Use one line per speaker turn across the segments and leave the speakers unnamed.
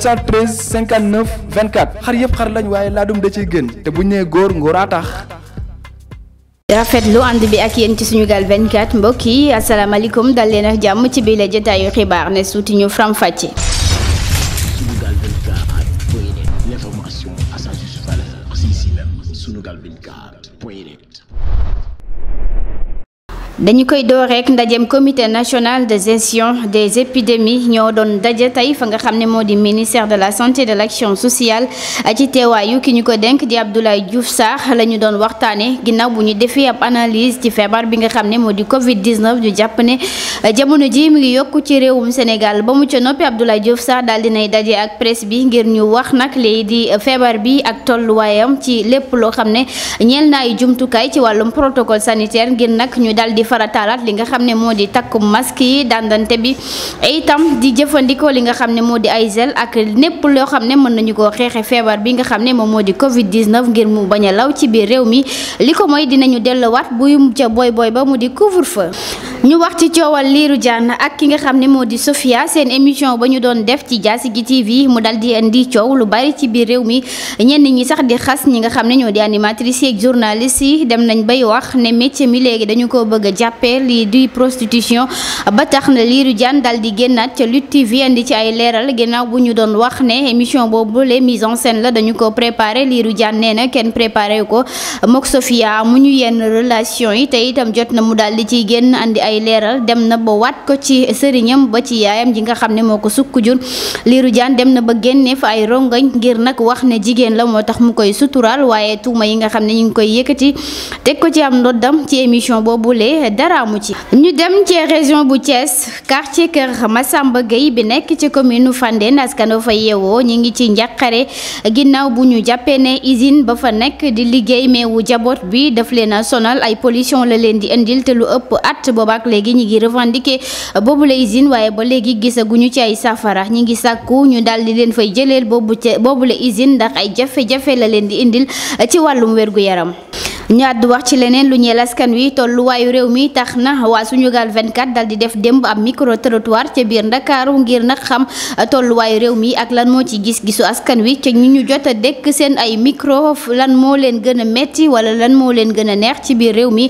713 59 24 xar yëpp xar lañ waaye laadum da ciy gën te buñ ñu nee góor ngóoraa tax. rafetlu ànd bi ak yéen ci Sunugal 24 mbokk yi asalaamaaleykum dal leen ak jàmm ci biir la jotaayu xibaar ne suuti ñu faram fàcce. dañu koy door rek ndajeem commité national de gestion des épidémies ñoo doon daje tey fa nga xam ne moo di ministère de la santé et de l'action sociale ci teewaayu ki ñu ko dénk di Abdoulaye Diouf Sarr la ñu doon waxtaanee ginnaaw bu ñu defi ab analyse ci feebar bi nga xam ne moo di Covid 19 ñu jàpp ne. Eh, jamono ji mu ngi yokku ci réewum Sénégal ba mu ca noppi Abdoulaye Diouf sax daal dinay daje ak presse bi ngir ñu wax nag léegi di eh, feebar bi ak tolluwaayam ci lépp loo xam ne ñeel na ay jumtukaay ci wàllum protocole sanitaire ngir nag ñu dal di farataalaat li nga xam ne moo di takkum masque yi dandante bi eh, itam di jëfandikoo li nga xam ne moo di ay gel ak népp loo xam ne mën nañu koo xeexe feebar bi nga xam ne moom moo di Covid 19 ngir mu bañ a law ci biir réew mi li ko mooy dinañu delluwaat buyum ca booy booy ba mu di couvre Lirou Diane ak ki nga xam ne moo di Sofia seen émission ba ñu doon def ci Diassigui gi TV mu dal di indi coow lu bari ci biir réew mi ñenn ñi sax di xas ñi nga xam ne ñoo di animatrice yi ak journaliste yi dem nañ bay wax ne métier mi léegi dañu ko bëgg a jàppee di prostitution ba tax na Lirou Diane dal di génnaat ca Lutte TV indi ci ay leeral ginnaaw bu ñu doon wax ne émission boobu les mise en scène la dañu ko préparé Lirou Diane na kenn préparé ko mook mu ñu yenn yi te itam jot na mu dal di génn andi ay leeral dem na ba waat ko ci sëriñam ba ci yaayam ji nga xam ne moo ko sukk jur liiru jaan dem na ba génne fa ay rongañ ngir nag wax ne jigéen la moo tax mu koy suturaal waaye tuuma yi nga xam ne ñu ngi koy yëkkati teg ko ci am ndoddam ci émission boobulee dara mu ci ñu dem ci région bu cees Thiès quartier kër sàmba Gueye bi nekk ci commune Fandène askano fa yeewoo ñu ngi ci njàqare ginnaaw bu ñu jàppee ne usine ba fa nekk di liggéey meewu jaboot bi daf leen a sonal revendiquer eh, boobu la usine waaye ba léegi gisaguñu ci ay safara ñu ngi sàkku ñu daal di leen fay jëleel bobu ca boobu la usine ndax ay jafe-jafe la leen di indil eh, ci wàllum gu yaram ñu àddu wax ci leneen lu ñeel askan wi tolluwaayu réew mi tax na waa suñu Sunugal 24 dal di def démb ab micro trottoir ca biir Ndakaaru ngir nag xam tolluwaayu réew mi ak lan moo ci gis-gisu askan wi ca ñu ñu jot a dekk seen ay micro lan moo leen gën a metti wala lan moo leen gën a neex ci biir réew mi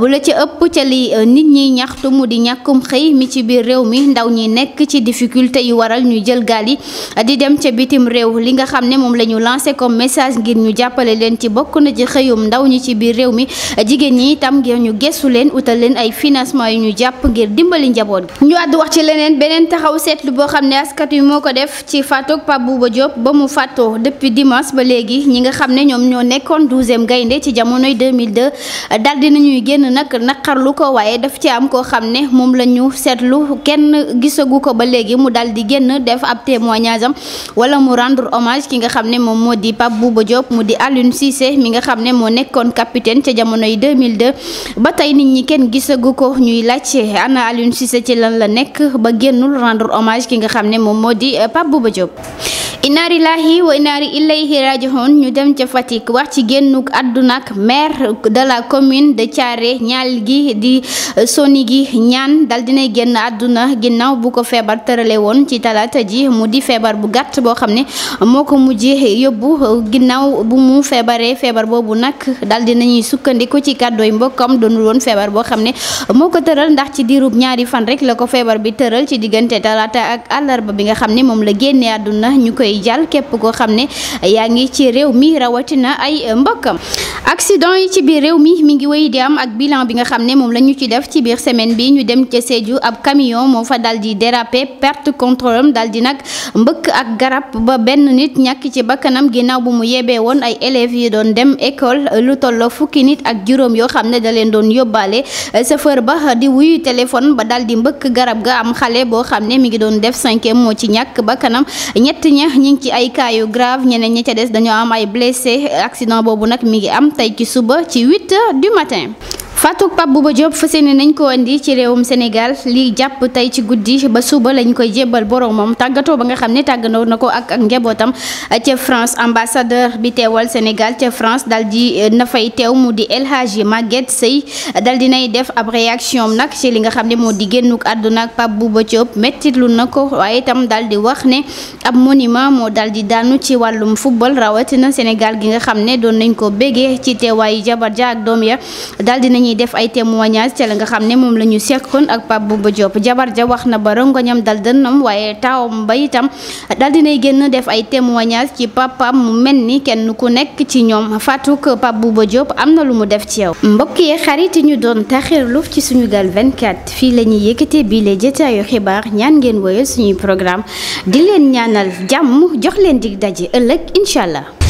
bu la ci ëpp ca li euh, nit ñi ñaxtu mu di ñàkkum xëy mi ci biir réew mi ndaw ñi nekk ci difficulté yu waral ñu jël gaal yi di dem ca bitim réew li nga xam ne moom la ñu lancé comme message ngir ñu jàppale leen ci bokk na ci xëyum ndaw ñi ci biir réew mi jigéen ñi itam ngir ñu gëstu leen utal leen ay financement yu ñu jàpp ngir dimbali njaboot bi ñu àddu wax ci leneen beneen taxaw seetlu boo xam ne askat wi moo ko def ci faatoog Pape Bouba Diop ba mu faatoo depuis dimanche ba léegi ñi nga xam ne ñoom ñoo nekkoon douzième gaynde ci jamonoy 2002 dal di nañuy génn nag naqarlu ko waaye daf ci am koo xam ne moom la ñu seetlu kenn gisagu ko ba léegi mu dal di génn def ab témoignage am wala mu rendre hommage ki nga xam ne moom moo di Pape Bouba Diop mu di Alioune Cissé mi nga xam ne moo nekkoon capitaine ca jamonoy 2002 ba tey nit ñi kenn gisagu ko ñuy laajte ana si Cissé ci lan la nekk ba génnul rendre omage ki nga xam ne moom moo di euh, Pape Bouba Diop. inna lillahi wa inna ilayhi raji'un ñu dem ca Fatick wax ci génnuk àdduna ak maire de la commune de Thiaré ñaal gi di euh, soni gi ñaan dal dinay génn àdduna ginnaaw bu ko feebar tëralee woon ci talaata ji mu di feebar bu gàtt boo xam ne moo ko mujjee yóbbu euh, ginnaaw bu mu feebaree feebar boobu nag dal dinañuy sukkandiku ci kàddooy mbokkam doonul woon feebar boo xam ne moo ko tëral ndax ci diirub ñaari fan rek la ko feebar bi tëral ci diggante talaata ak àllarba bi nga xam ne moom la génnee àdduna ñu koy jàll képp koo xam ne yaa ngi ci réew mi rawatina ay mbokkam accident yi ci biir réew mi mi ngi wéy di am ak bilan bi nga xam ne moom la ñu ci def ci biir semaine bi ñu dem ca Sédhiou ab camion moo fa dal di déraper perte contrôle am dal di nag mbëkk ak garab ba benn nit ñàkk ci bakkanam ginnaaw bu mu yebee woon ay élèves yi doon dem école lu tolloo fukki nit ak juróom yoo xam ne da leen doon yóbbaale eh, chauffeur ba di wuyu téléphone ba dal di mbëkk garab ga am xale boo xam ne mi ngi doon def cinquième moo ci ñàkk bakkanam ñi ngi ci ay cas yu grave ñeneen ñi ca des dañoo am ay blessé accident boobu nag mi ngi am tey ci suba ci 8 heures du matin Fatuk Pape Bouba Diop fas yéene nañ ko andi ci réewum Sénégal li jàpp tey ci guddi ba suba lañ koy jébbal boromam tàggatoo ba nga xam ne tàgganoo na ko ak ak njabootam ca France ambassadeur bi teewal Sénégal ca France dal di eh, nafay teew mu di El Hadji Maguette Seye dal di nay def ab réaction nag ci li nga xam ne moo di génnuk àdduna ak Pape Bouba Diop mettitlu na ko waaye itam dal di wax ne ab monument moo dal di daanu ci wàllum football rawatina Sénégal gi nga xam ne doon nañ ko bégee ci teewaayu jabar ja doom ya def ay témoignage ca la nga xam ne moom la ñu sekkoon ak Pape Bouba Diop jabar ja wax na ba rongoñam dal nam waaye taawam ba itam dal dinay génn def ay témoignage ci papaam mu mel ni kenn ku nekk ci ñoom Fatou Pape Bouba Diop am na lu mu def ci yow mbokk yi xarit ñu doon taxirlu ci Sunugal 24 fii la ñuy yëkkatee bii lay jotaayu xibaar ñaan ngeen woyal suñuy programme di leen ñaanal jàmm jox leen dig daje ëllëg incha allah